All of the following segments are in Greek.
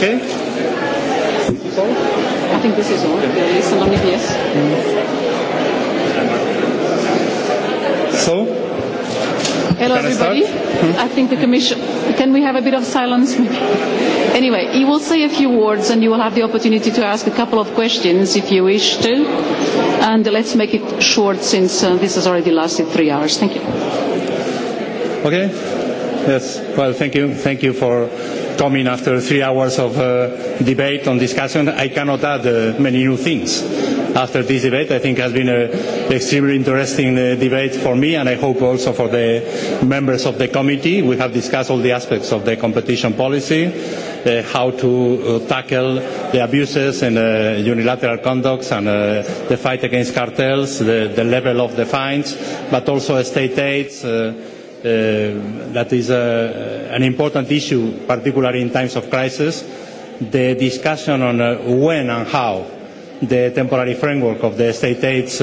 Okay. I think this is all. is on EBS. So. Hello everybody. I think the Commission. Can we have a bit of silence? Anyway, you will say a few words and you will have the opportunity to ask a couple of questions if you wish to. And let's make it short since this has already lasted three hours. Thank you. Okay. Yes. Well, thank you. Thank you for coming after three hours of debate and discussion. I cannot add many new things after this debate. I think it has been an extremely interesting debate for me and I hope also for the members of the committee. We have discussed all the aspects of the competition policy, how to tackle the abuses and unilateral conducts and the fight against cartels, the level of the fines, but also state aids that is an important issue, particularly in times of crisis, the discussion on when and how the temporary framework of the state aids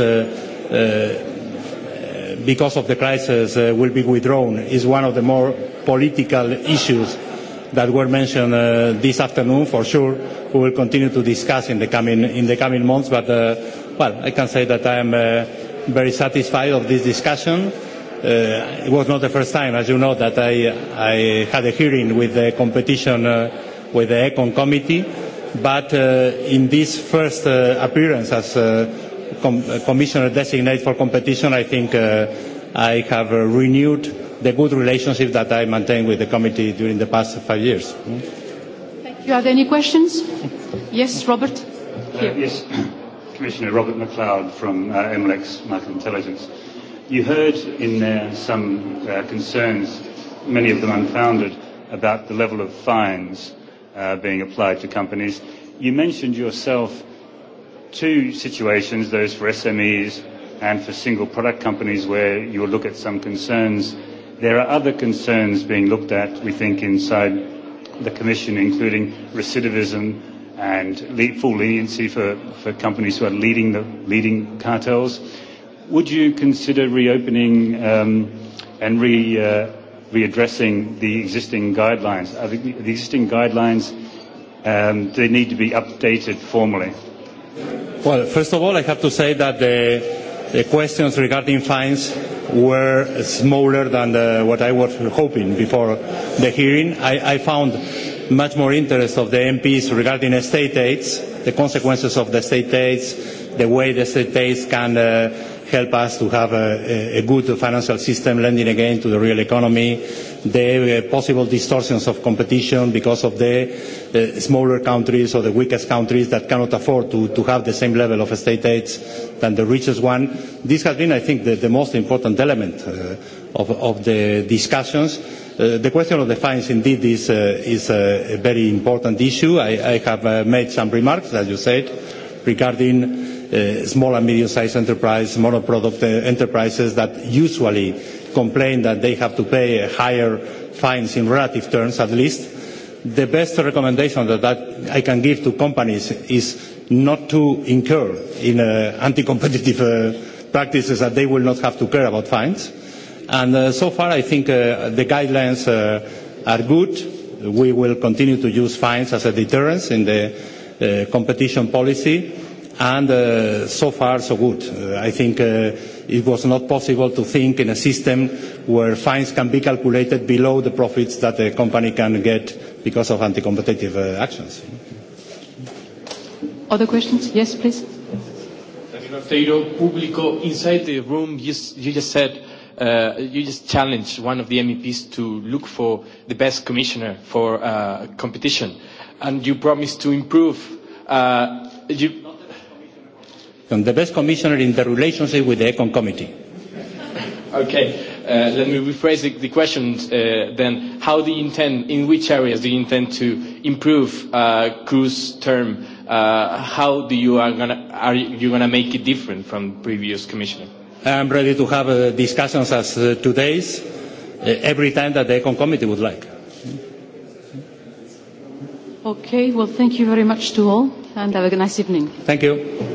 because of the crisis will be withdrawn is one of the more political issues that were mentioned this afternoon for sure we will continue to discuss in the coming in the coming months but well I can say that I am very satisfied of this discussion It was not the first time, as you know, that I had a hearing with the competition, with the ECON committee, but in this first appearance as Commissioner designate for competition, I think I have renewed the good relationship that I maintained with the committee during the past five years. Thank you. Are any questions? Yes, Robert. Yes, Commissioner Robert McLeod from MLEX Market Intelligence. You heard in there some concerns, many of them unfounded, about the level of fines being applied to companies. You mentioned yourself two situations, those for SMEs and for single product companies where you will look at some concerns. There are other concerns being looked at, we think, inside the Commission, including recidivism and full leniency for, for companies who are leading the leading cartels would you consider reopening and readdressing the existing guidelines? Are the the existing guidelines, they need to be updated formally. Well, first of all, I have to say that the questions regarding fines were smaller than what I was hoping before the hearing. I found much more interest of the MPs regarding state aids, the consequences of the state aids, the way the state aids can help us to have a good financial system lending again to the real economy. The possible distortions of competition because of the smaller countries or the weakest countries that cannot afford to have the same level of state aids than the richest one. This has been, I think, the most important element of the discussions. The question of the fines indeed is a very important issue. I have made some remarks, as you said, regarding small and medium-sized enterprises, mono-product enterprises that usually complain that they have to pay higher fines in relative terms at least. The best recommendation that I can give to companies is not to incur in anti-competitive practices that they will not have to care about fines. And so far I think the guidelines are good. We will continue to use fines as a deterrence in the competition policy and so far so good. I think it was not possible to think in a system where fines can be calculated below the profits that a company can get because of anti-competitive actions. Other questions? Yes, please. Público, inside the room, you just said you just challenged one of the MEPs to look for the best commissioner for competition, and you promised to improve. You I'm the best commissioner in the relationship with the Econ Committee. Okay. Let me rephrase the question then. How do you intend, in which areas do you intend to improve cruise term? How do you are going to make it different from previous commissioner? I'm ready to have discussions as today's, every time that the Econ Committee would like. Okay. Well, thank you very much to all, and have a nice evening. Thank you.